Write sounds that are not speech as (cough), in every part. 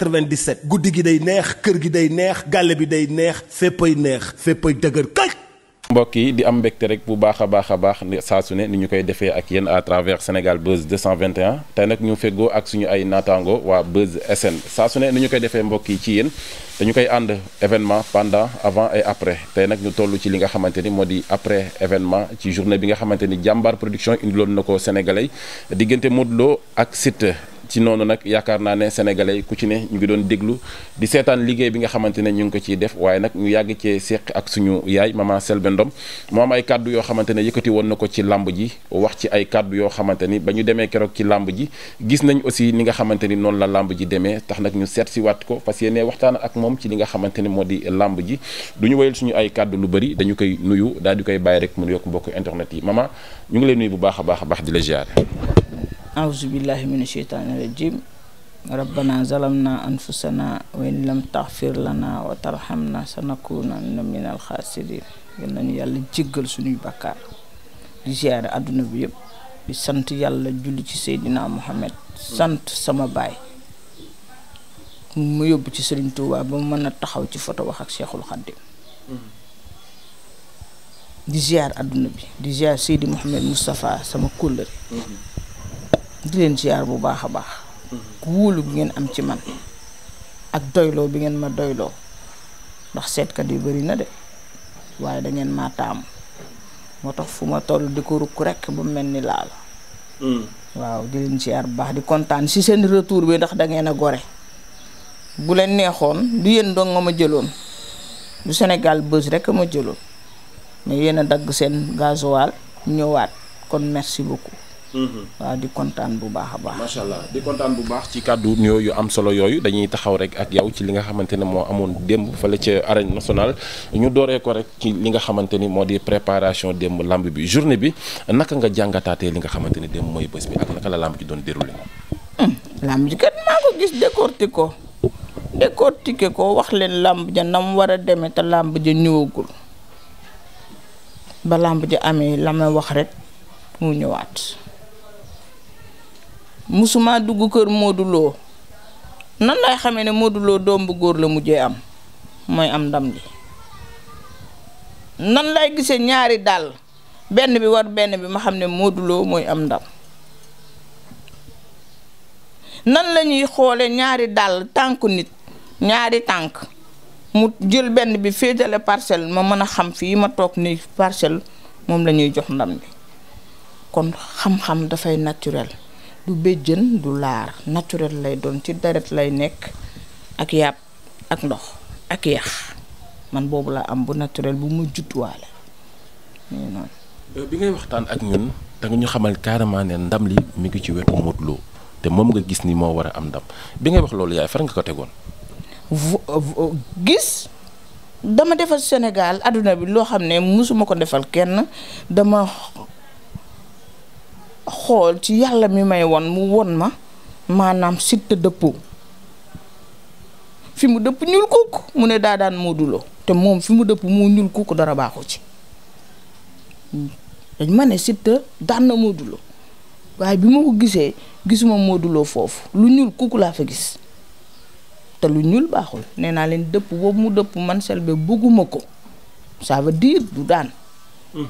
97 guddi gi day neex kër gi day neex gàlle bi day neex féppay neex féppay dëgër kay mbokk yi di am mbégte rek bu baax a baax a baax saa su ne ni ñu koy defee ak yéen à travers Sénégal Buzz 221 tey nag ñu feggoo ak suñu ay naataango waa Buzz SN saa su ne ni ñu koy defee mbokk yi ci yéen dañu koy ànd événement pendant avant et après tey nag ñu toll ci li nga xamante ni moo di après événement ci journée bi nga xamante ni jàmbaar production indiloon na ko sénégalais diggante Modou Lo ak Siteu ci noonu nag yaakaar naa ne sénégalais yi ku ci ne ñu ngi doon déglu di seetaan liggéey bi nga xamante ne ñu ngi ko ciy def waaye nag ñu yàgg cee seq ak suñu yaay maman Selbé Ndom moo am ay kàddu yoo xamante ne yëkkati woon na ko ci làmb ji wax ci ay kàddu yoo xamante ni ba ñu demee keroog ci làmb ji gis nañ aussi ni nga xamante ni noonu la làmb ji demee tax nag ñu seet si waat ko parce que yéene waxtaan ak moom ci li nga xamante ni moo di làmb ji du ñu wayal suñu ay kàddu lu bëri dañu koy nuyu daal di koy bàyyi rek mu yokk mbokk internet yi maman ñu ngi lay nuyu bu a baax a baax di la ziare أعوذ بالله من الشيطان الرجيم ربنا ظلمنا أنفسنا وإن لم تغفر لنا وترحمنا سنكونن من الخاسرين yal nañu yàlla jéggal suñuy bakkaar di ziyaare àdduna bi yëpp di sant yàlla julli ci Seydina Muhammad sant sama baay mu yóbbu ci Serigne Touba ba mu mën a taxaw ci photo wax ak Cheikhul Khadim di ziyaar àdduna bi di ziyaar Seydi Mouhamed Moustapha sama kóllëre di leen ziar bu baax a baax. wóolu bi ngeen am ci man ak doyloo bi ngeen ma doyloo ndax seetkat yu bari na de waaye da maa taamu moo tax fu ma toll di ko rukk rekk ba mel ni laal. Mm. waaw di leen ziar bu baax di kontaan si seen retour bi ndax da ngeen a gore. bu leen neexoon du yéen dong nga ma jëloon du Sénégal bës rek ma jëloon mais yéen a dagg seen gasoil ñëwaat kon merci beaucoup. Mm-hmm. waaw di kontaan bu baax a baax. macha allah di kontaan bu baax ci kàddu nuyoo yu am solo yooyu dañuy taxaw rek ak yow ci li nga xamante ne moo amoon démb fële ca arène nationale ñu dooree ko rek ci li nga xamante ni moo di préparation démb lamb bi journée bi naka nga jàngataatee li nga xamante ni démb mooy bés bi ak naka la lamb ji doon déroulé. Hmm, ko gis décortiqué ko décortiqué ko wax leen lamb ja nam war a demee te lamb ja ñëwagul ba lamb ja amee la ma wax rek mu ñëwaat. musuma dugg kër Modou Lo nan lay xamee ne Modou doom bu góor la mujjee am mooy am ndam li nan lay gisee ñaari dàll benn bi war benn bi ma xam ne Modou mooy am ndam nan la ñuy xoole ñaari dàll tànku nit ñaari tànk mu jël benn bi féetale parcelle ma mën a xam fii ma toog ni parcel moom lañuy jox ndam bi kon xam-xam dafay naturel du béjjën du laar naturel lay doon ci deret lay nekk ak yàpp ak ndox ak yax man boobu laa am bu naturel bu mu jutwaale noonu euh, bi ngay waxtaan ak ñun danga ñu xamal carrément ne ndam li mu ngi ci wetu Modou Lo te moom nga gis ni moo war a am ndam bi ngay wax loolu yaay far nga ko tegoon gis dama defal Sénégal àdduna bi loo xam ne musuma ko defal kenn dama xool ci yàlla mi may won mu won ma maanaam Siteu dëppoo fi mu dëpp ñuul kukk mu ne daa daan Modou te moom fi mu dëpp moo ñuul kukk dara baaxu ci dañ ma ne Siteu daan na Modou waaye bi ma ko gisee gisuma Modou foofu lu ñuul kukk laa fa gis te lu ñuul baaxul nee naa leen dëpp boobu mu dëpp man Selbé bëgguma ko ça du daan mhm.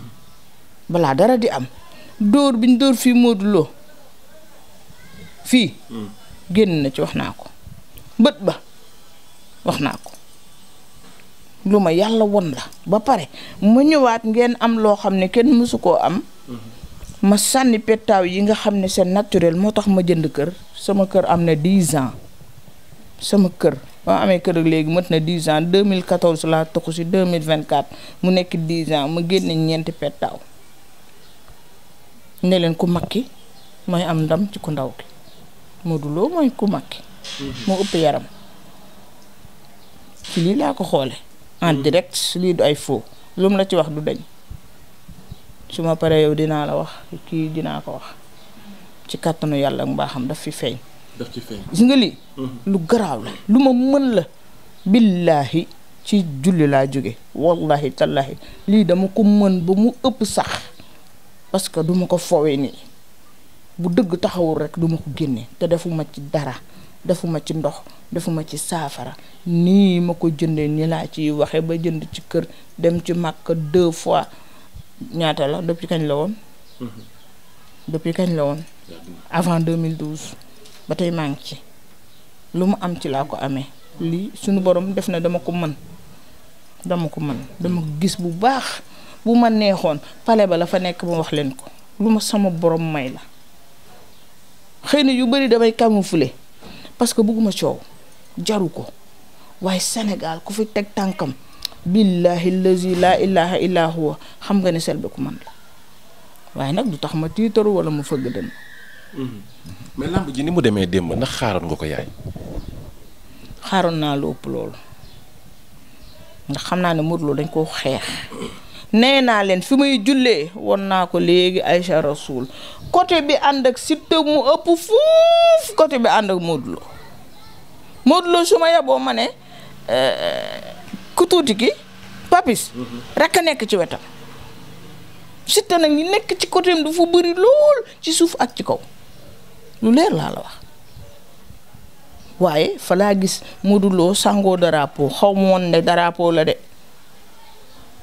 balaa dara di am dóor bi ñu dóor fii Modou Lo fii. Hmm. génn na ci wax naa ko bët ba wax naa ko lu ma yàlla won la ba pare ma ñëwaat ngeen am loo xam ne kenn mësu koo am. Hmm. ma sànni pettaaw yi nga xam ne seen naturel moo tax ma jënd kër sama kër am na 10 ans sama kër ba amee kër ak léegi mat na 10 ans 2014 laa toxu si mille vingt 2024 mu nekk 10 ans ma génne ñeenti pettaaw. ne leen ku mag ki mooy am ndam ci ku ndaw ki Modou Lo mooy ku mag ki mhm. moo ëpp yaram ci lii laa ko xoole en mhm. direct lii du ay faux lu mu la ci wax du dañ su ma paree yow dinaa la wax kii dinaa ko wax ci kàttanu yàlla ak mbaaxam daf fi feeñ daf ci feeñ gis nga lii mhm. lu garaaw la lu ma mën la billaahi ci julli laa jóge wallahi tallahi lii dama ko mën ba mu ëpp sax parce que du ko foowee nii bu dëgg taxawul rek du ma ko génne te defuma ci dara defuma ci ndox defuma ci saafara nii ma ko jëndee nii laa ciy waxee ba jënd ci kër dem ci màkk deux fois ñaata la depuis kañ la woon. Mm-hmm. depuis kañ la woon. avant deux 2012 ba tey maa ngi ci lu mu am ci laa ko amee lii sunu borom def na dama ko mën dama ko mën dama ko gis bu baax. bu ma neexoon pale ba la fa nekk ma wax leen ko lu ma sama borom may la xëy na yu bëri damay camoufler parce que bëgguma coow jaru ko waaye senegal ku fi teg tànkam billahi lazi laa ilaha xam nga ne Selbé ku man la waaye nag du tax ma tiitaru wala ma fëgg dënn mm-hmm. mais làmb ji ni mu demee démb ndax xaaroon nga ko yaay xaaroon naa lu ëpp loolu ndax xam naa ne Modou Lo dañ koo xeex nee naa leen fi may jullee won naa ko léegi ay Aïcha Rasoul côté bi ànd ak Siteu mu ëpp fuuf côté bi ànd ak Modou Lo su ma yeboo ma ne euh, ku tuuti ki papis rek a nekk ci wetam Siteu nag ñi nekk ci côté du fu bëri lool ci suuf ak ci kaw lu leer laa la wax waaye falaa gis Modou sàngoo sangoo drapeau xaw ma woon ne drapeau la de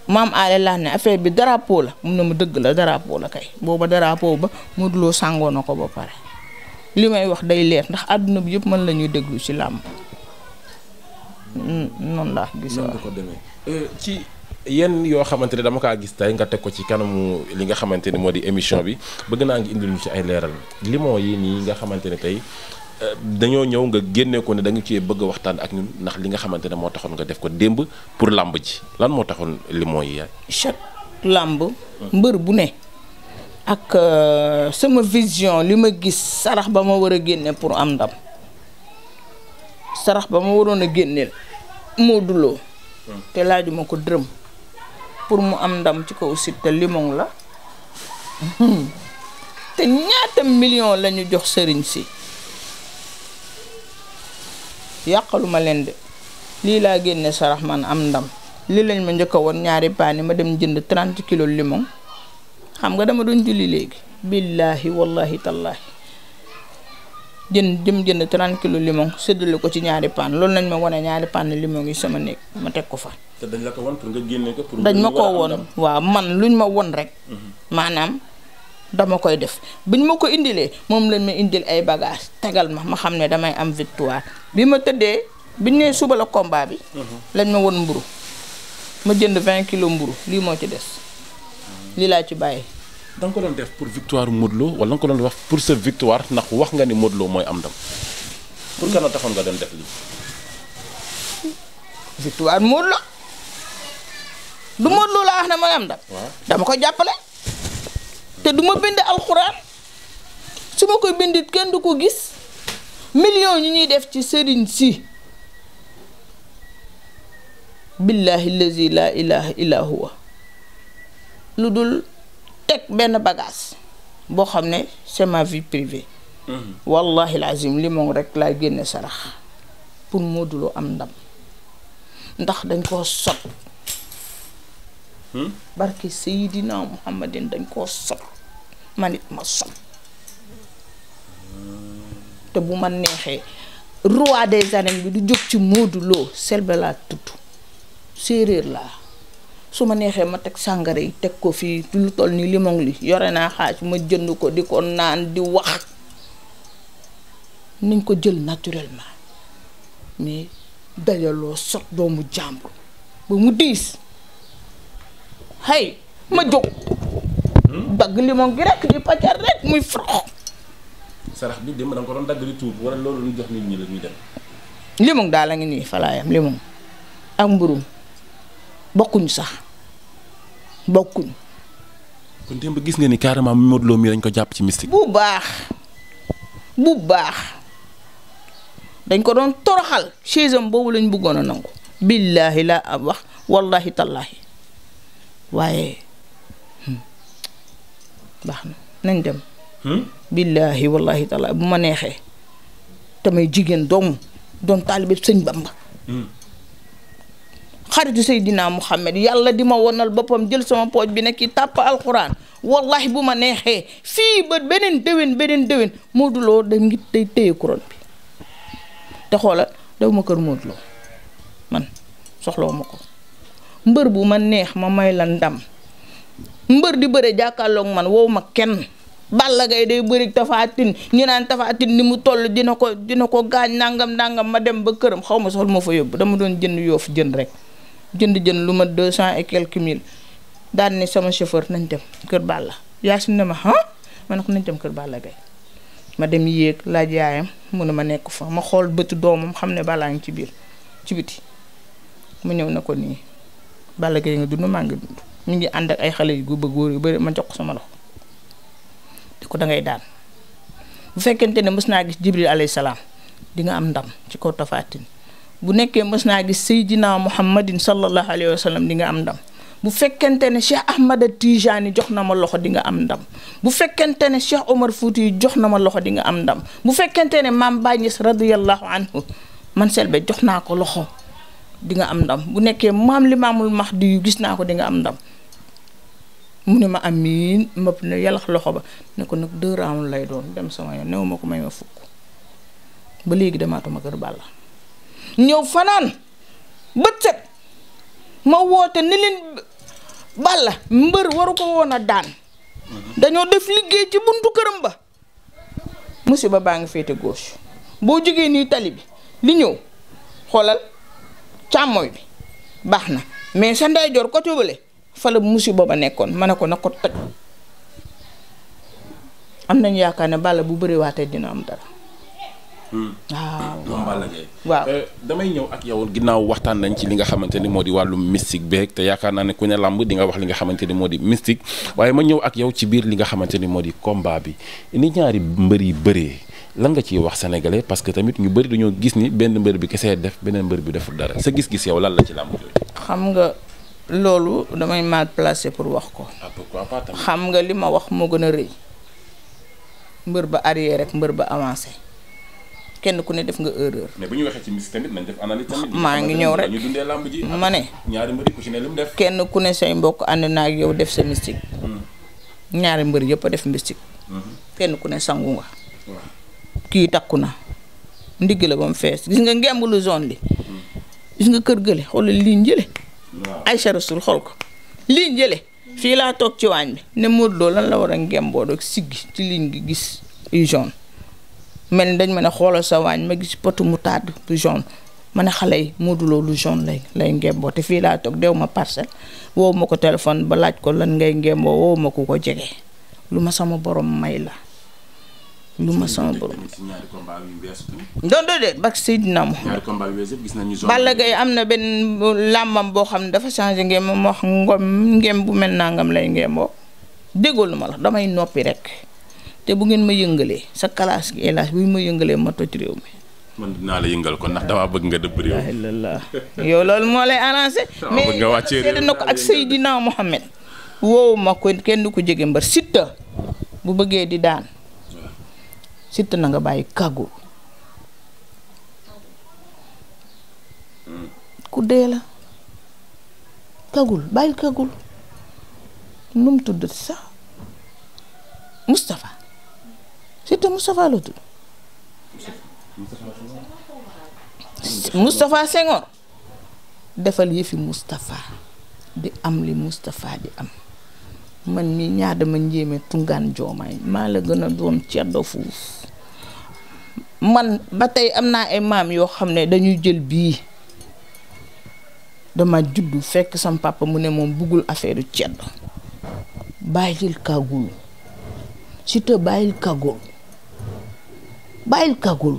maam aale laa ne affaire bi drapeau la mun na ma dëgg la drapeau la kay booba drapeau ba Modou Lo sàngoo na ko ba pare li may wax day leer ndax àdduna bi yëpp man la ñuy déglu ci làmb hmm, noonu laa gis ko demee euh, ci yenn yoo xamante ne dama kaa gis tey nga teg ko ci kanamu li nga xamante ne moo di émission bi bëgg naa ngi indilu si ay leeral limon yi nii nga xamante ne tey dañoo ñëw nga génne ko ne da nga cee bëgg a waxtaan ak ñun ndax li nga xamante ne moo taxoon nga def ko démb pour làmb ji lan moo taxoon li mooy yaay. chaque làmb. mbër bu ne. ak euh, sama vision li ma gis sarax ba ma war a génne pour am ndam ba ma waroon a génneel moo duloo te laajuma ko dërëm pour mu am ndam ci kaw Siteu limon la hmm. te ñaata million la ñu jox sëriñ si yàqaluma leen de lii laa génne sarax man am ndam lii lañ ma njëkk woon ñaari paani ma dem jënd 30 kilo limon xam nga dama doon julli léegi billaahi wallahi tallaahi jën jëm jënd 30 kilo limon séddale ko ci ñaari paan lool lañ ma wone ñaari paan limon yi sama néeg ma teg ko fa te dañ la ko woon pour nga génne ma koo woon waaw man luñ ma won rek mhm. maanaam dama koy def biñ ma ko indilee moom lañ ma indil ay bagage tegal ma ma xam ne damay am victoire bi ma tëddee biñ nee suba la combat bi. Mhm. lañ ma won mburu ma jënd 20 kilos mburu lii moo ci des lii laa ci bàyyi. da ko doon def pour victoire Modou Lo wala ko doon wax pour sa victoire ndax wax nga ni Modou mooy am ndam pour kana taxoon nga def lii. victoire Modou Lo du Modou laa wax ne mooy am ndam. dama ko jàppale. te du ma bind alxuraan su ma koy bindit kenn du ko gis million yu ñuy def ci sëriñ si billahi lazi la lu dul teg benn bagage boo xam ne c'est ma vie privée mhm. wallahi lazim li moom rek laay génne sarax pour Modou Lo am ndam ndax dañ koo sot hmm? barke Seydina Muhammadin dañ koo sot man it ma sol te bu ma neexee roi des arènes bi du jóg ci Modou Lo Selbé laa tudd séeréer laa su ma neexee ma teg sàngara yi teg ko fii lu toll ni limon li yore naa xaaj ma jënd ko di ko naan di wax nañ ko jël naturellement mais dajaloo sot doomu jàmbur ba mu diis hey ma jóg dagg limon gi rek di pàccal rek muy frox. sarax bi dem da nga ko doon dagg di tuub wala loolu ñu jox nit ñi la ñuy dem. limon daal la ngi nii falaayam limon ak mburum bokkuñ sax bokkuñ. kon démb gis nga ni carrément Modou Lo mii dañ ko jàpp ci mystique. bu baax bu baax dañ ko doon toroxal chaise am boobu lañ bëggoon a nangu. billaahi laa am wax wallaahi tallaahi waaye. baax na nañ dem. Hmm? billaahi wallaahi taala bu ma neexee. tamay jigéen doomu doon taalibe sëñ Bamba. Hmm. xaritu Seydina Muhammad yàlla di ma wonal boppam jël sama pooj bi nekk tàpp alxuraan wallahi bu ma neexee fii ba beneen déwén beneen déwén Modou Lo ngi day téye couronne bi te xoolal daw ma kër Modou man soxlawu ma ko mbër bu ma neex ma may la ndam. mbër di bëree jàkkaarlook man wow ma kenn Balla Gaye day bëri Tapha Tine ñu naan tafaatin ni mu toll dina ko dina ko gaañ nangam nangam ma dem ba këram xaw ma sol ma fa yóbbu dama doon jënd yoofu jënd rek jënd jënd lu ma deux cent et quelques mille ni sama chauffeur nañ dem kër Balla Yacine ne ma ah ma ne nañ dem kër Balla Gaye ma dem yéeg laaj yaayam mun ne ma nekk fa ma xool bëtt doomam xam ne Balla ngi ci biir ci biti mu ñëw na ko nii Balla Gaye nga dund maa dund mi ngi ànd ak ay xale yu góob góor yu bëri ma jox ko sama loxo di ko dangay ngay daan bu fekkente ne mës naa gis Jibril alayhi salaam di nga am ndam ci kaw tafaatin bu nekkee mës naa gis Seydina Muhammadin sallallahu alayhi wa sallam di nga am ndam. bu fekkente ne Cheikh Ahmada Tijani jox na ma loxo di nga am ndam bu fekkente ne Cheikh Omar Fouti jox na ma loxo di nga am ndam bu fekkente ne maam Baye Niass radiyallahu anhu man Selbé jox naa ko loxo di nga am ndam bu nekkee maam Limaamul Mahdi yu gis naa ko di nga am ndam. mu ne ma amiin ma ne yalax loxo ba ne ko nag deux lay doon dem sama yoon new ma ko may ma fukk ba léegi demaatuma kër Balla ñëw fanaan bët set ma woote ni leen Balla mbër waru ko woon a daan mhm. dañoo def liggéey ci buntu këram ba musiba baa ngi féete gauche boo jógee nii tali bi li ñëw xoolal càmmooy bi baax na mais sa ndeyjoor côté bële fa la monsieur booba nekkoon ma ne ko na ko toj am nañu yaakaar ne Balla bu bëriwaatee dina am dara. Hmm. waaw waaw euh, damay ñëw ak yow ginnaaw waxtaan nañ ci li nga xamante moo di wàllu mystique beeg te yaakaar naa ne ku ne làmb di nga wax li nga xamante ni moo di mystique waaye ma ñëw ak yow ci biir li nga xamante ni moo di komba bi ni ñaari mbër yi bëree lan nga ciy wax sénégalais parce que tamit ñu bëri dañoo gis ni benn mbër bi kese def beneen mbër bi deful dara sa gis-gis lan la ci làmb loolu damay mal placé pour wax ko. Ah, xam nga li ma wax moo gën a rëy mbër ba arrière rek mbër ba avancé kenn ku ne def nga erreur. bu ñu waxee ci Miss maa ngi ñëw rek ñu ma ne. ñaari mbër ku mu def. kenn ku ne say mbokk ànd naa ak yow def sa mystique. Hmm. ñaari mbër yëpp a def mystique. Hmm. kenn ku ne sangu nga. kii takku na. ndigg la ba mu fees gis nga ngemb lu zone li. Hmm. gis nga kër gële xoolal lii njële. Aïcha Rasul xool ko liñ jële fii laa toog ci waañ bi ne Modou lan la war a ngemboo rek siggi ci liñ gi gis yu jaune mel ni dañ ma ne xoolal sa waañ ma gis potu moutarde bu jaune ma ne xale yi Modou lu jaune lay lay ngemboo te fii laa toog dew ma parcelle wow ma ko téléphone ba laaj ko lan ngay ngemboo wow ma ku ko jege lu ma sama borom may la lu ma sama borom doon déedéet bak Seydina Mouhamed Balla Gaye am na benn làmbam boo xam ne dafa changé ngeen moom wax ngom ngem bu mel nangam lay ngeen boo déggoo lu ma la damay noppi rek te bu ngeen ma yëngalee sa classe gi élage bu ma yëngalee ma toj réew mi yëngal ko ndax damaa bëgg nga dëbb yow loolu moo lay arrangé (laughs) mais nga na ko ak Seydina Mouhamed woowu ma ko kenn du ko jege mbër Siteu bu bëggee di daan Siteu na nga bàyyi kàggu ku dee la kagul bàyyil kagul nu mu tudd sax Moustapha Siteu Moustapha la tudd Moustapha defal yëfi Moustapha di am li Moustapha di am man mi ñaada ma njéeme tungaan joomaay maa la gën a doon ceddo fuuf man ba tey am naa ay maam yoo xam ne dañuy jël bii dama juddu fekk sam mu ne moom buggul affaire ceddo bàyyil kagul Siteu bàyyil kagul bàyyil kagul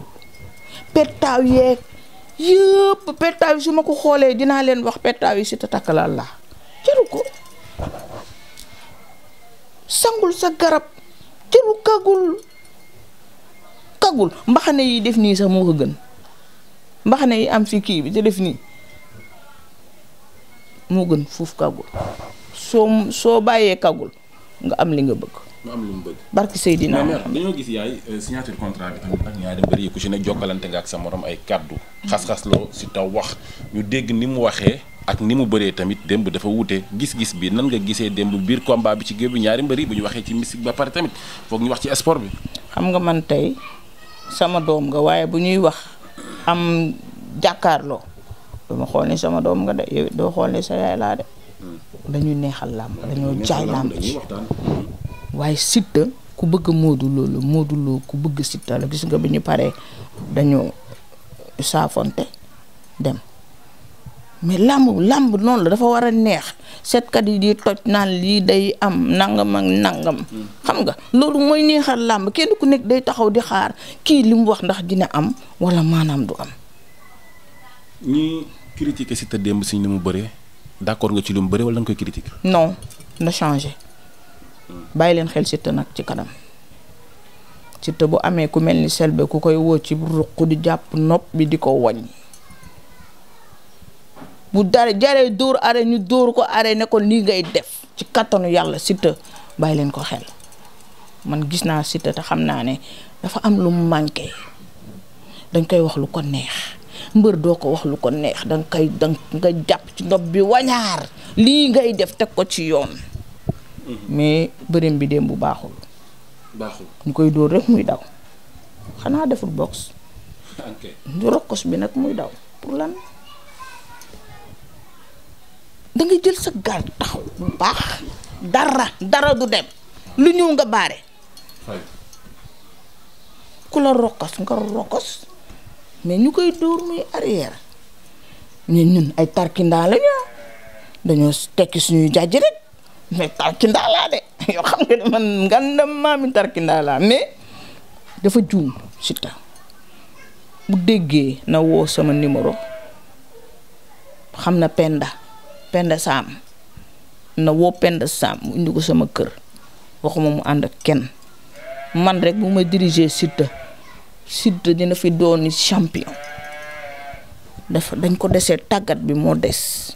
pettaaw yeeg yëpp pettaaw yi su ma ko xoolee dinaa leen wax pettaaw yi Siteu takkalaal la jaru ko sangul sa garab jëru kagul kagul mbaxane yi def nii sax moo ko gën mbaxane yi am fi kii bi te def nii moo gën fuuf kagul soo soo bàyyee kagul nga am li nga bëgg mu am lu mu bëgg. barki Seydina mais dañoo gis yaay euh, signature contrat bi tamit ak ñaari mbër yi ku ci ne jokkalante nga ak sa morom ay kàddu. xas-xas loo si taw wax ñu dégg ni mu waxee. ak ni mu baree tamit démb dafa wuute gis-gis bi nan nga gisee démb biir combat bi ci géew bi ñaari mbëri bu ñu waxee ci mystique ba pare tamit foog ñu wax ci sport bi. xam nga man tey sama doom nga waaye bu ñuy wax am jàkkaarloo dama xool ni sama doom nga de yow doo xool ni sa yaay laa de hmm. dañuy neexal làmb dañoo jaay làmb ci waaye Siteu ku bëgg Modou Lo la Modou ku bëgg Siteu la gis nga bi ñu paree dañoo saafonte dem. mais làmb làmb noonu la dafa war a neex seetkat yi di toj naan lii day am nangam ak nangam. xam nga loolu mooy neexal làmb kenn ku nekk day taxaw di xaar kii li mu wax ndax dina am wala maanaam du am. ñuy critiquer si démb si ni mu bëree d'accord nga ci lu mu bëree wala nga koy critiquer. non na changé bàyyi leen xel si nag ci kanam. ci bu amee ku mel ni Selbé ku koy woo ci ruq di jàpp nopp bi di ko wàññi. bu dara jaree dóor arrêt ñu dóor ko arrêt ne ko nii ngay def ci kattanu yàlla Siteu bàyyi leen ko xel man gis naa Siteu te xam naa ne dafa am lu mu manqué dañ koy wax lu ko neex mbër doo ko wax lu ko neex danga koy danga nga jàpp ci nopp bi wañaar lii ngay def teg ko ci yoon mm-hmm. mais bërim bi bu baaxul baaxul ñu koy dóor rek muy daw xanaa deful box (laughs) ok rokkos bi nag muy daw pour lan da ngay jël sa gaal taxaw bu baax dara dara du dem lu ñëw nga baare ku la rokkos nga rokkos mais ñu koy dóor muy arrière ñu ñun ay tarkindaa la ah. dañoo tekki suñuy jàjj rek mais tarkindaa de (laughs) yoo xam nga ne man ngandam maami tarkindaa mais dafa juum Siteu bu déggee na woo sama numéro xam na Penda Penda Saam na woo Penda mu indi ko sama kër waxuma mu ànd ak kenn man rek bu ma diriger Siteu Siteu dina fi dooni champion dafa dañ ko desee tàggat bi moo des.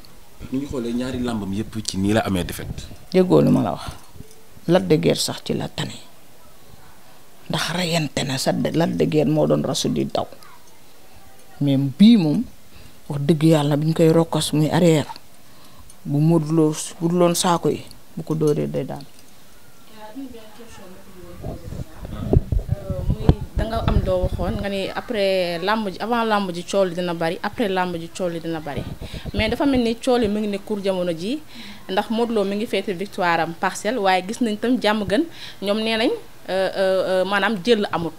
ni ñu xoolee ñaari làmbam yépp ci nii la amee défaite. déggoo lu ma la wax Lac de sax ci la tane ndax reyante na sa Lac de moo doon rasu di daw mais bii moom wax dëgg yàlla bi ñu koy rokkas muy arrière. bu Modou Lo wutuloon saako yi bu ko dóoree day daan. nga am doo waxoon nga ni après làmb ji avant làmb ji cool dina bari après làmb ji cool dina bari mais dafa mel ni cool yi mu ngi ne cour jamono ji ndax Modou Lo mi ngi féete victoire am parcelle waaye gis nañ tam jàmm gën ñoom nee nañ euh, euh, euh, maanaam jël amut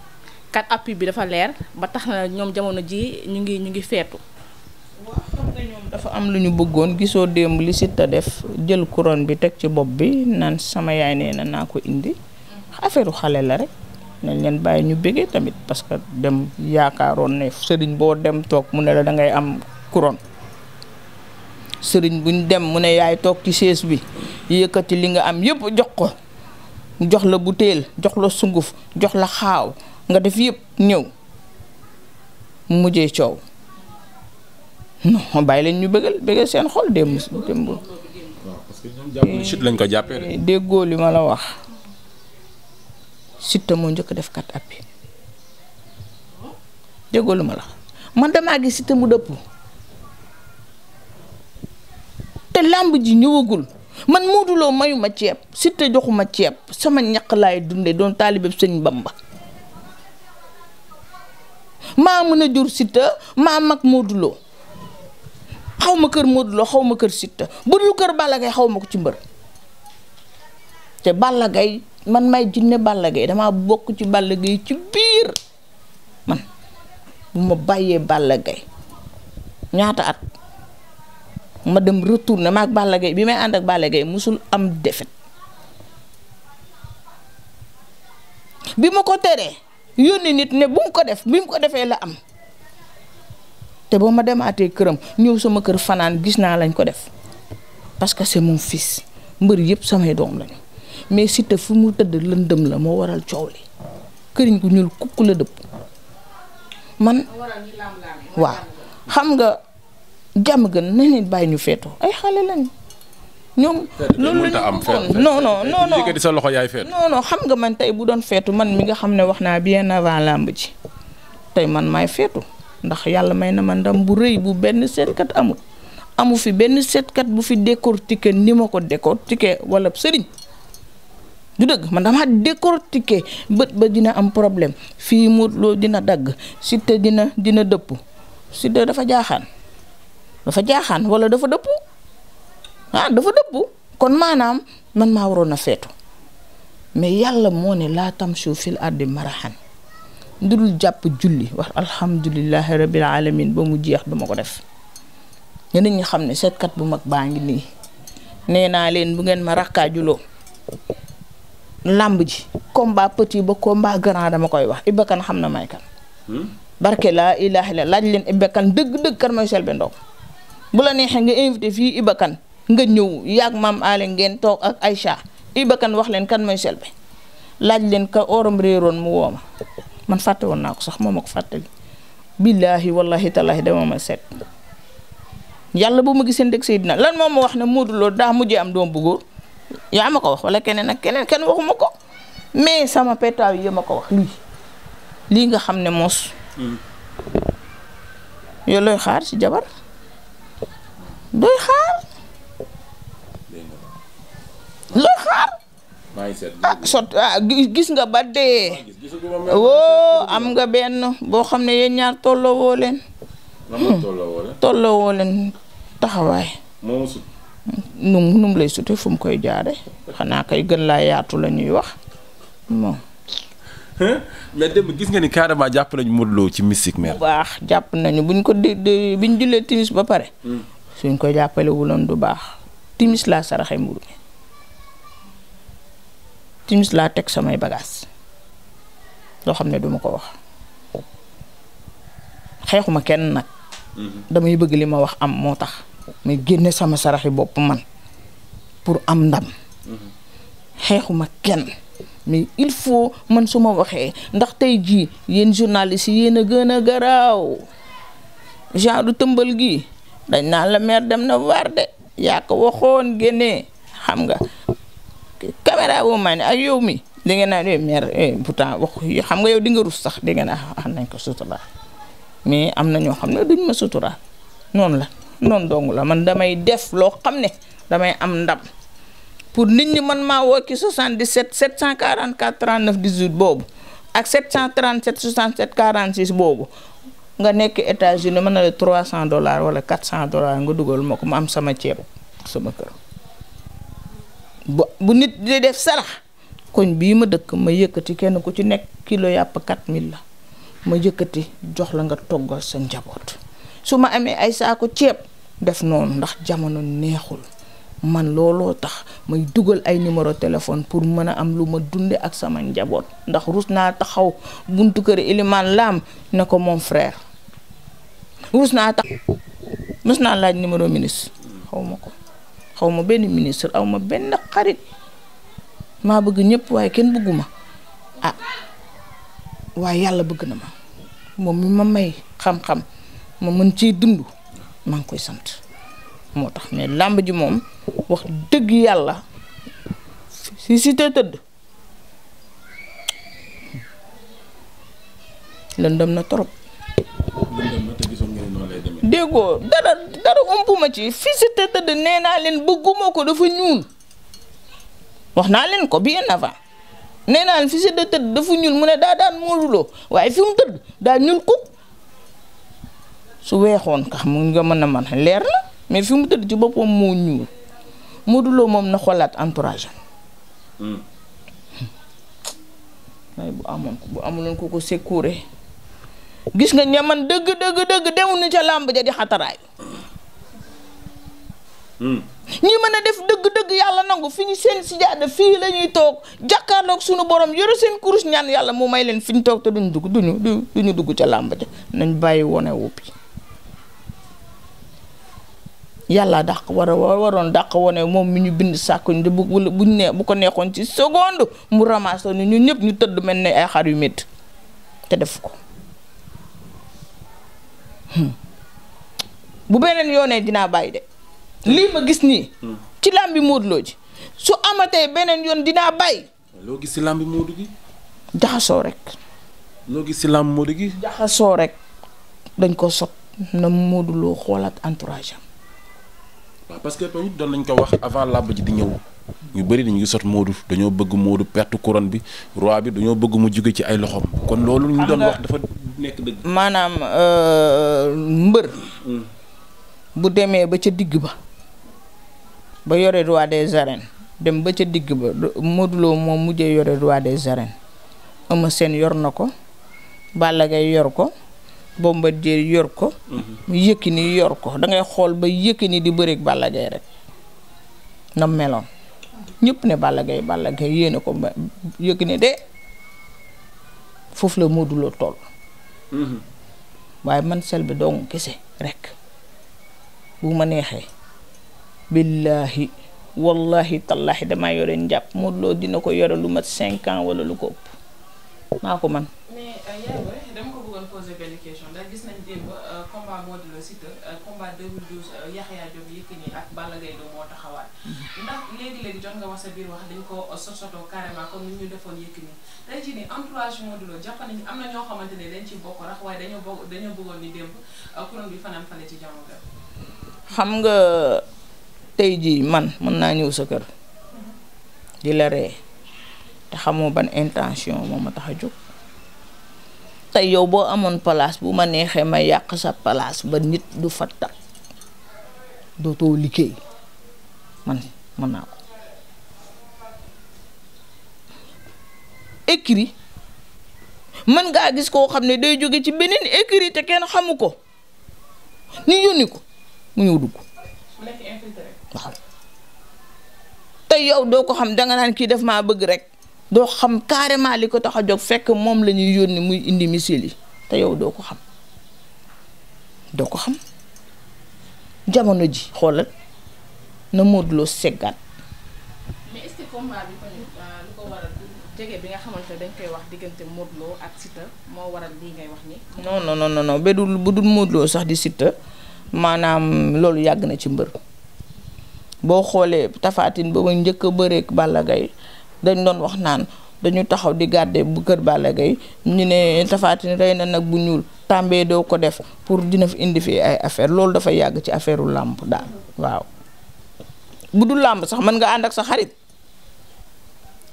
kat appui bi dafa leer ba tax na ñoom jamono ji ñu ngi ñu ngi feetu dafa am lu ñu bëggoon gisoo démb li Siteu def jël couronne bi teg ci bopp bi naan sama yaay nee na naa ko indi affaire xale la rek nañ leen bàyyi ñu bëggee tamit parce que dem yaakaaroon na sëriñ boo dem toog mu ne la da am couronne sëriñ buñ dem mu ne yaay toog ci sées bi yëkkati li nga am yëpp jox ko jox la butéel jox la sunguf jox la xaaw nga def yëpp ñëw mujjee coow. non bàyyi leen ñu bëggal bëggal seen xol démb lañ ko jàppee. Eh, déggoo li ma la wax Siteu moo njëkk def kat appi déggoo li ma la man damaa gis Siteu mu dëpp te làmb ji ñëwagul man Modou Lo ma ceeb Siteu joxuma ceeb sama ñaq laay dunde doon taalibeeb sëñ Bamba maa mën a jur Siteu maa mag Modou xaw ma kër Modou xaw ma kër Siteu bu dul kër Balla Gaye xaw ma ko ci mbër te Balla man may jinne Balla Gaye damaa bokk ci Balla Gaye ci biir man bu ma bàyyee Balla ñaata at ma dem retourné maag ak Gaye bi may ànd ak Balla Gaye am defet bi ma ko teree yónni nit ne bu mu ko def bi mu ko defee la am te ba ma demaatee këram ñëw sama kër fanaan gis naa lañ ko def parce que c'est mon fils mbër yëpp samay doom lañu mais Siteu fu mu tëdd lëndëm la moo waral coow li këriñ ku ñuul kukk la dëpp man waaw xam nga jàmm gën na leen bàyyi ñu feetoo ay xale lañ ñoom loolu la ñu xam nga man tey bu doon feetu man mi nga xam ne wax naa bien avant làmb ji tey man may feetu ndax yàlla may na ma ndam bu rëy bu benn seetkat amul amu fi benn seetkat bu fi décortiquer ni ma ko décortiquer wala sëriñ du dëgg ma dama décortiquer bët ba dina am problème fii mu loo dina dagg Siteu dina dina dëpp Siteu dafa jaaxaan dafa jaaxaan wala dafa dëpp ah dafa dëpp kon maanaam man maa waroon a feetu mais yàlla moo ne laa tam suuf fil ardi marahan ndudul jàpp julli wax alhamdulilahi rabil alamin ba mu jeex duma ko def ñeneen ñi xam ne seetkat bu mag baa ngi nii nee naa leen bu ngeen ma rakkaajuloo làmb ji combat petit ba combat grand dama koy wax ibbakan xam na may kan hmm? barke laa ilaaha illa laaj leen ibbakan dëgg-dëgg kan mooy Selbé Ndom bu la neexee nga invité fii ibbakan nga ñëw yaag maam ale ngeen toog ak Aïcha ibbakan wax leen kan mooy selbe laaj leen ka oram réeroon mu woom man fàtte woon naa ko sax moom ma ko fàttali billaahi wallahi tallaahi dama ma seet yàlla bu ma gisee ndeg Seydina lan moom ma wax ne Modou Lo daa mujjee am doom bu góor yaa ma ko wax wala keneen ak keneen kenn waxuma ko mais sama petaaw yi ma ko wax lii lii nga xam ne moos hmm. yow looy xaar ci jabar dooy xaar ah sot ah gis nga ba dee woo am nga benn boo xam ne yéen ñaar tolloo woo leen tolloo woo hmm, leen taxawaay num num lay sute fu mu koy jaare xanaa kay gën laa yaatu la ñuy wax moom gis nga ni carrément jàpp nañu Modou Lo ci mystique mère. bu baax jàpp nañu buñ ko di biñ jullee timis ba pare. Hmm. suñ koy jàppale wuloon du baax timis laa saraxe mburu mi timis laa teg samay bagages loo xam ne duma ko wax xeexuma kenn nag mm-hmm. damay bëgg li ma wax am moo tax may génne sama saraxi bopp man pour am ndam mm-hmm. xeexuma kenn mais il faut man su ma waxee ndax tey jii yéen journaliste yi yéen a gën a garaaw genre tëmbal gi dañ naan la maire dem na war de yaa ko waxoon génnee xam nga caméra boobu maan ne ak yow mi da ngeen naan mer eh, pourtant wax xam nga yow di nga rus sax da ngeen ah nañ ko suturaal mais am na ñoo xam ne duñ ma suturaal noonu la noonu dong la man damay def loo xam ne damay am ndam pour nit ñi man maa woo ci 77 744 39 18 boobu ak 737 67 46 boobu nga nekk États-Unis man na la 300 dollars wala 400 dollars nga dugal ma ko ma am sama ceeb sama kër. bu nit di def sarax koñ bii ma dëkk ma yëkkati kenn ku ci nekk kilo yàpp 4000 la ma yëkkati jox la nga toggal sa njaboot su ma amee ay saako ceeb def noonu ndax jamono neexul man looloo tax may dugal ay numéro téléphone pour mën a am lu ma dunde ak sama njaboot ndax rus naa taxaw buntu kër Eliman Lam ne ko mon frère rus naa tax rus naa laaj numéro ministre xaw ma ko xaw ma benn ministre aw ma benn xarit maa bëgg ñëpp waaye kenn bëgguma ah waaye yàlla bëgg na ma moom mi ma may xam-xam ma mën ciy dund maa ngi koy sant moo tax mais làmb ji moom wax dëgg yàlla si si te tëdd lëndëm na torop déggoo dara dara umpuma ci fii si tëdd nee naa leen bëgguma ko dafa ñuul wax naa leen ko bien avant nee naa leen fii si tëdd dafa ñuul mu ne daa daan mooluloo waaye fi mu tëdd daa ñuul kuk su weexoon kax mu nga mën a man leer na mais fi mu tëdd ci boppam moo ñuul mooduloo moom na xoolaat entourage am. waaye hmm. hmm. bu amoon bu amuloon ko ko sécuré gis nga ñaman dëgg dëgg dëgg demuñu ca làmb di xataraay hmm. ñi mën a def dëgg-dëgg yàlla nangu fi ñu seen si jaada fii lañuy ñuy toog jàkkaarloog sunu borom yore seen kurus ñaan yàlla mu may leen fi ñu toog te duñ dugg duñu duñu dugg ca làmb ja nañ bàyyi wone wuppi yàlla dàq war a waroon dàq wone moom mi ñu bind sàkkuñ de bu buñ ne bu ko neexoon ci seconde mu ramassé ñu ñun ñëpp ñu tëdd mel ne ay xar yu metti te def ko bu beneen yoonee dinaa bàyyi de lii ma gis nii. Hmm. ci làmbi Modou Lo ji su amatee beneen yoon dinaa bàyyi. loo gis si làmbi Modou jaxasoo rek. loo gis si làmbi Modou gi. jaxasoo rek dañ ko sot na Modou Lo xoolaat entourage am. waaw parce que tamit doon nañ ko wax avant làmb ji di ñëw ñu bëri dañu ngi sot Modou dañoo bëgg Modou perte couronne bi roi bi dañoo bëgg mu jóge ci ay loxoom kon loolu ñu doon wax dafa maanaam euh, mbër mm. bu demee ba ca digg ba ba yore roi des arènes dem ba ca digg ba Modou Lo moom mujjee yore roi des arènes ama seen yor na ko Balla Gaye yor ko Bombardier yor ko mm-hmm. Yékini yor ko da ngay xool ba Yékini di bëreeg Balla Gaye rek na meloon ñëpp ne Balla Gaye Balla Gaye yéene ko yëg ne de foofu la Modou tool Mm-hmm. waaye man selbe dong kese rek bu ma neexee billaahi wallahi tallaahi damaa yore njàpp Modou Lo dina ko yore lu mat cinq ans wala lu ko ëpp maa ko man Euh, yaay ko bëggoon poser benn question ndax gis nañ démb euh, combat Modou Lo euh, combat 2012 Yaxya Diop Yékini ak Balla Gaye do moo taxawaat mm-hmm. ndax léegi-léegi jot nga wax sa biir wax dañ ko sosotoo carrément comme ñu defoon Yékini dañ ci ni entourage Modou Lo am na ñoo xamante ne dañ ci bokk rax waaye dañoo bokk dañoo bëggoon ni démb kuréel bi fanaan fale ci jamono xam nga tey ji man mën naa ñëw sa kër mm-hmm. di la ree te xamoo ban intention moo ma tax a jóg tey yow boo amoon palaas bu ma neexee ma yàq sa palaas ba nit du fa tax dootoo liggéey man naa ko écrit mën ngaa gis koo xam ne day jóge ci beneen écrit te kenn xamu ko ñu yónni ko mu ñëw dugg waaw yow doo ko xam danga naan kii def maa bëgg rek doo xam carrément li ko tax a jóg fekk moom lañuy ñuy yónni muy indi missile yi te yow doo ko xam doo ko xam jamono ji xoolal na Modou Lo seggaat. Euh, bi nga xamante ne dañ wax diggante Modou ak moo waral lii ngay wax ni. non non non non ba bu dul Modou sax di Siteu maanaam loolu yàgg na ci mbër boo xoolee Tapha Tine ba ba njëkk a bëreeg Balla Gaye dañ doon wax naan dañu taxaw di garder bu kër Balla Gaye ñu ne Tapha Tine rey na nag bu ñuul tàmbee doo ko def pour dina fi indi fi ay affaire loolu dafa yàgg ci affaireu làmb daal waaw bu dul làmb sax mën nga ànd ak sa xarit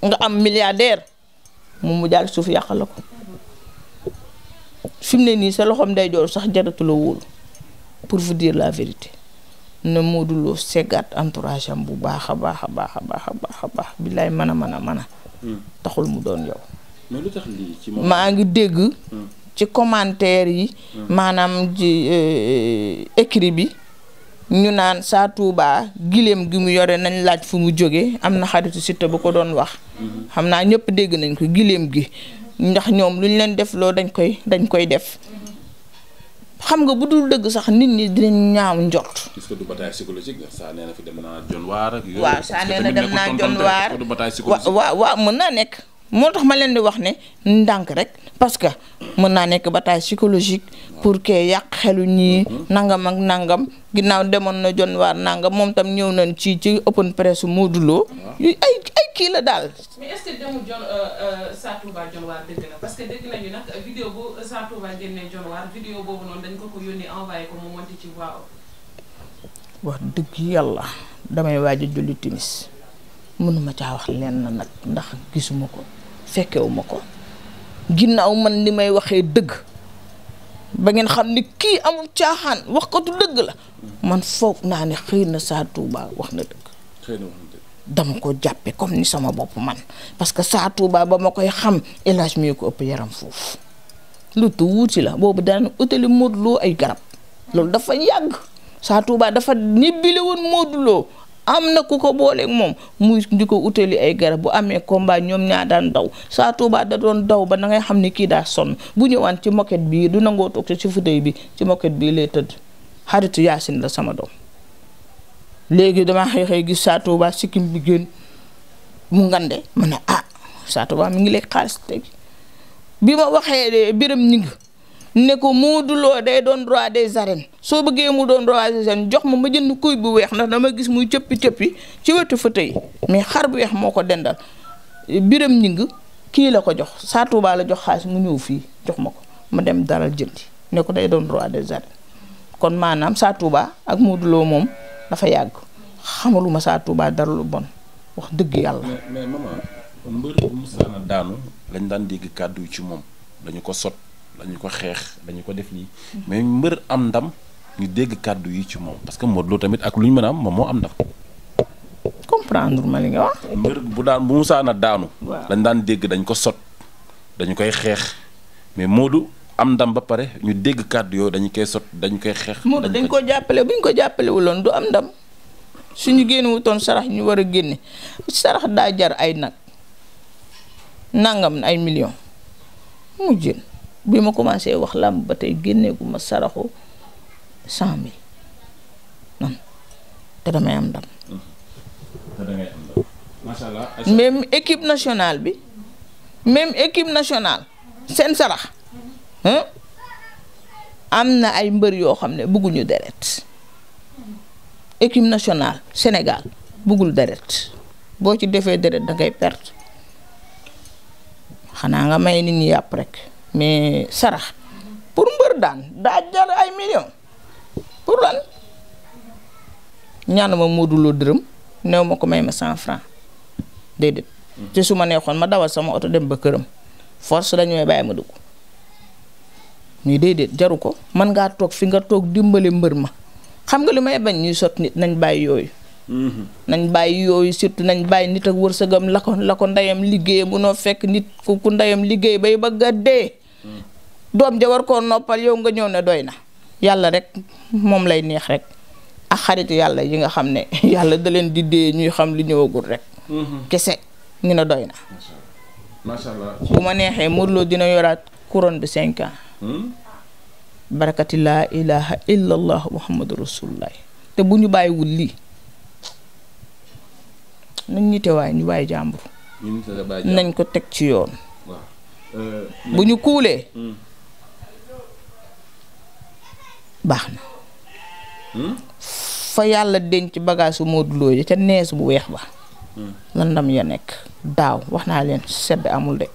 nga am milliardaire moom mu jaar suuf yàq la ko fi ne nii sa loxoom day joor sax jaratu wul pour vous diir la vérité na Modou Lo seggaat entourage bu baax a baax a baax a baax a baax a baax billaay mën a mën a man a. Hmm. taxul mu doon yow. maa ngi dégg. Hmm. ci commentaire yi. Hmm. maanaam ci euh, écrit bi. ñu naan saa Touba gileem gi mu yore nañ laaj fu mu jóge am na xaritu Siteu bu ko doon wax. xam naa ñëpp dégg nañ ko gileem gi. ndax ñoom lu ñu leen def loo dañ koy dañ koy def. xam nga bu dul dëgg sax nit ñi dinañ ñaaw njort. est-ce dem waaw saa nee na dem naa jon waar waaw mën naa nekk. moo tax ma leen di wax ne ndànk rek parce que mën naa nekk bataille psychologique pour que yàq xelu ñii mm-hmm. nangam ak nangam ginnaaw demoon na jon waar nangam moom tam ñëw nañ ci ci open press Modou Lo ay ay kii la daal. mais est-ce que demu Jon euh, euh, Sa Touba Jon Waar dëgg la parce que dëgg nañu nag vidéo boobu noonu dañ ko ko yónnee envoyé ko mu monté ci waaw. wax dëgg yàlla damay waaj a julli timis mënuma caa wax lenn nag ndax gisuma ko fekkewuma ko ginnaaw man li may waxee dëgg ba ngeen xam ni kii amul caaxaan wax ko du dëgg la man foog naa ne xëy na Sa Touba wax na dëgg. dama ko jàppe comme ni sama bopp man parce que saa Touba ba ma koy xam élage mi ko ëpp yaram foofu lu tuuti la boobu daan utali Modou ay garab loolu dafa yàgg saa Touba dafa ñibbile woon mooduloo am na ku ko booleeg moom muy di ko utali ay garab bu amee combat ñoom ñaa daan daw saa Touba da doon daw ba na xam ni kii daa sonn bu ñëwaan ci moquette bii du nangoo toog ci fauteuil bi ci moquette bii lay tëdd xaritu Yaasin la sama doom léegi damaa xëy gis Sa Touba sikkim bi génn mu ngande ma ne ah Sa Touba mi ngi lekk xaalis teg bi ma waxee biram ñi ne ko Modou Lo day doon roi des arènes soo bëggee mu doon roi des arènes jox ma ma jënd kuy bu weex ndax dama gis muy cëpp cëppi ci wetu fëtë yi mais xar bu weex moo ko dendal biram ñi kii la ko jox Sa la jox xaalis mu ñëw fii jox ma ko ma dem daral jëndi ne ko day doon roi de arènes kon maanaam Sa ak Modou moom dafa yàgg ma saa Touba dara lu bon wax dëgg yàlla. mais mais daanu lañ daan dégg kàddu ci moom dañu ko sot dañu ko xeex dañu ko def nii mm-hmm. mais mbër am ndam ñu dégg kàddu yi ci moom parce que Modou tamit ak lu ñu mën a moom moo am ndam. comprendre ma mbër bu daan bu musaana daanu. lañ daan dégg dañ ko sot dañu koy xeex mais Modou. am ndam ba pare ñu dégg kàddu yooyu dañu koy sot dañu koy xeex. Modou dañ ko jàppale bu ñu ko jàppalewuloon du am ndam suñu génn wutoon sarax ñu war a génne sarax daa jar ay nag nangam ay million mu jën bi ma commencé wax làmb ba tey génneeku ma saraxu cent mille nan te damay am ndam. te même équipe nationale bi même équipe nationale seen sarax. am na ay mbër yoo xam ne bugguñu deret équipe nationale Sénégal buggul deret boo ci defee deret da ngay perte xanaa nga may nit ñi yàpp rek mais sarax pour mbër daan daa jar ay million pour lan ñaanuma mooduloo dërëm new ma ko may ma cent franc déedéet te su ma neexoon ma dawal sama oto dem ba këram force dañu may bàyyi ma dugg ñuy déedéet jaru ko man ngaa toog fi nga toog dimbale mbër ma xam nga li ma bañ ñuy sot nit nañ bàyyi yooyu mm-hmm. nañ bàyyi yooyu surtout nañ bàyyi nit ak wërsëgam la ko la ko ndeyam liggéey noo fekk nit ku ku ndeyam liggéey bay bëgg a dee mm-hmm. doom ja war koo noppal yow nga ñëw ne doy na yàlla rek moom lay neex rek ak xaritu yàlla yi nga xam ne (laughs) yàlla da leen di dee ñuy xam li ñëwagul rek mm-hmm. kese ñu ne doy na macha allah bu ma neexee Modou dina yoraat couronne bi cinq ans barakati laa ilaha illa muhammadu rasulullah te bu ñu bàyyiwul lii nañ ñite waay ñu bàyyi jàmbur nañ ko teg ci yoon bu ñu kuulee hmm. baax na hmm? fa yàlla denc bagaasu Modou Lo ya ca nees bu weex ba hmm. la ndam ya nekk daaw wax naa leen sedd amul de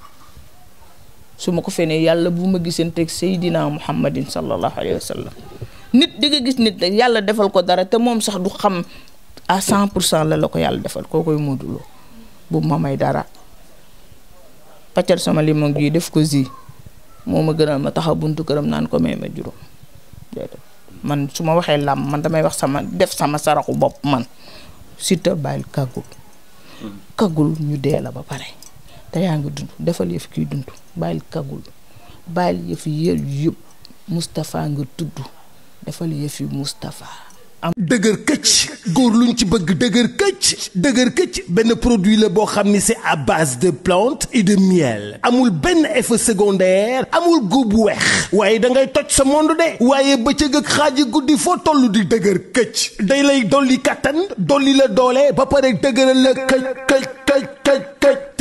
su ma ko fenee yàlla bu ma gisanteeg Seydina Muhammadin sallallahu alayhi wa sallam nit di nga gis nit rek yàlla defal ko dara te moom sax du xam à cent pour cent la la ko yàlla defal koo koy mooduloo bu ma may dara paccal sama limon gii def ko zi moo ma gënal ma taxaw buntu këram naan ko may ma juróom man su ma waxee làmb man damay wax sama def sama saraxu bopp man Siteu bàyyil kàggul hmm. kàggul ñu dee la ba pare te yaa ngi dund defal yëf kiy dund bàyyil kagul bàyyil yëf yël yëpp nga tudd defal yëf yi Moustapha dëgër këcc góor luñ ci bëgg dëgër këcc dëgër këcc benn produit la boo xam ni c'est à base de plantes et de miel amul benn effet secondaire amul góob bu weex waaye dangay toj sa monde de waaye bëccëg ak xaaji guddi foo toll di dëgër këcc day lay dolli kàttan dolli la doole ba pare dëgëral la këcc këcc këcc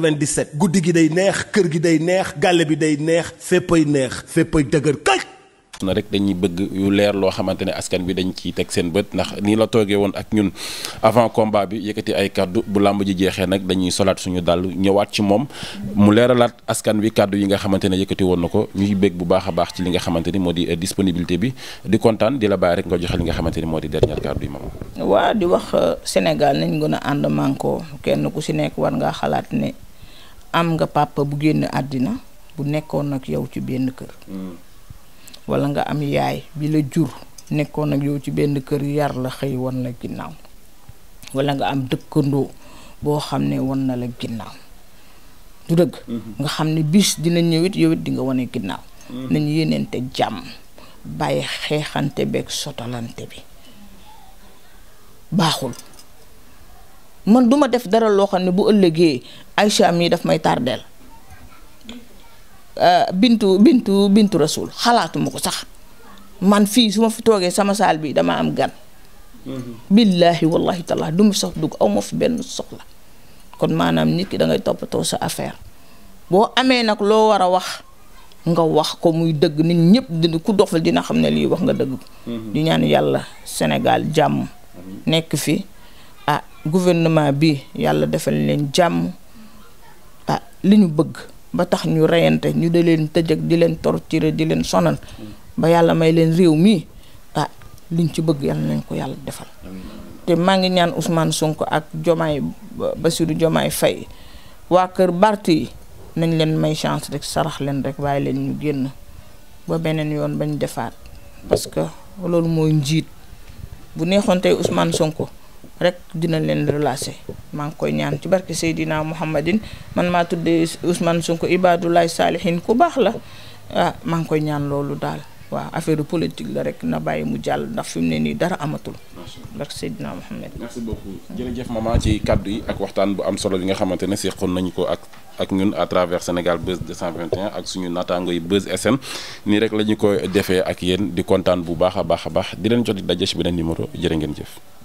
97 guddi gi day neex kër gi day neex gàlle bi day neex féppay neex féppay dëgër kay na rek dañuy bëgg yu leer loo xamante ne askan bi dañ ciy teg seen bët ndax nii la toogee woon ak ñun avant combat bi yëkkati ay kaddu bu làmb ji jeexee nag dañuy solaat suñu dàll ñëwaat ci moom mu leeralaat askan wi kaddu yi nga xamante ne yëkkati woon na ko ñuy bëgg bu baax baax ci li nga xamante ni moo di eh, disponibilité bi di kontaan di la bàyyi rek nga joxe li nga xamante ni moo di dernière kaddu yi moom. waa di wax eh, Sénégal nañ gën a ànd manko ku si nekk war ngaa xalaat ne. am nga papa bu génn àddina bu nekkoon ak yow ci benn kër hmm. wala nga am yaay bi la jur nekkoon ak yow ci benn kër yar la xëy wan la ginnaaw wala nga am dëkkandoo boo xam ne wan na la ginnaaw du dëgg hmm. nga xam ne bis dina ñëwit yowit di nga wane ginnaaw hmm. nañu yéeneente jàmm bàyyi xeexante beeg sotalante bi baaxul man duma def dara loo xam ne bu ëllëgee Aïcha mii daf may tardeel euh, bintu bintu bintu rasul xalaatuma ko sax man fii su ma fi toogee sama saal bi dama am gan mm-hmm. billaahi wallahi taala du ma sax dugg aw ma fi benn soxla kon maanaam nit ki dangay toppatoo sa affaire boo amee nag loo war a wax nga wax ko muy dëgg nit ñëpp dina ku doxal dina xam ne lii wax nga dëgg mm-hmm. di ñaan yàlla Sénégal jàmm nekk fi gouvernement bi yàlla defal leen jàmm ah li ñu bëgg ba tax ñu reyante ñu di leen tëjëg di leen torturer di leen sonal ba yàlla may leen réew mii ah liñ ci bëgg yàlla nañ ko yàlla defal te maa ngi ñaan Ousmane Sonko ak Jomaay Bassirou Jomaay Faye waa kër Barti yi nañ leen may chance rek sarax leen rek bàyyi leen ñu génn ba beneen yoon bañ defaat parce que loolu mooy njiit bu neexoon tey usmaan Sonko rek dina leen relâché maa ngi koy ñaan ci barke Seydina Mouhamadine man maa tuddee Ousmane Sonko Ibadulaay Saalihin ku baax la ah maa ngi koy ñaan loolu daal waa affaire politique la rek na bàyyi mu jàll ndax fi mu ne nii dara amatul. barke Seydina Mouhamad. merci beaucoup jërëjëf maman ci kaddu yi ak waxtaan bu am solo bi nga xamante ne seqoon nañu ko ak. ak ñun à travers Sénégal Buzz ak suñu naataango yi Buzz SN nii rek la ñu koy defee ak yéen di kontaan bu baax a baax a baax di leen jot di daje ci beneen numéro jërë ngeen jëf.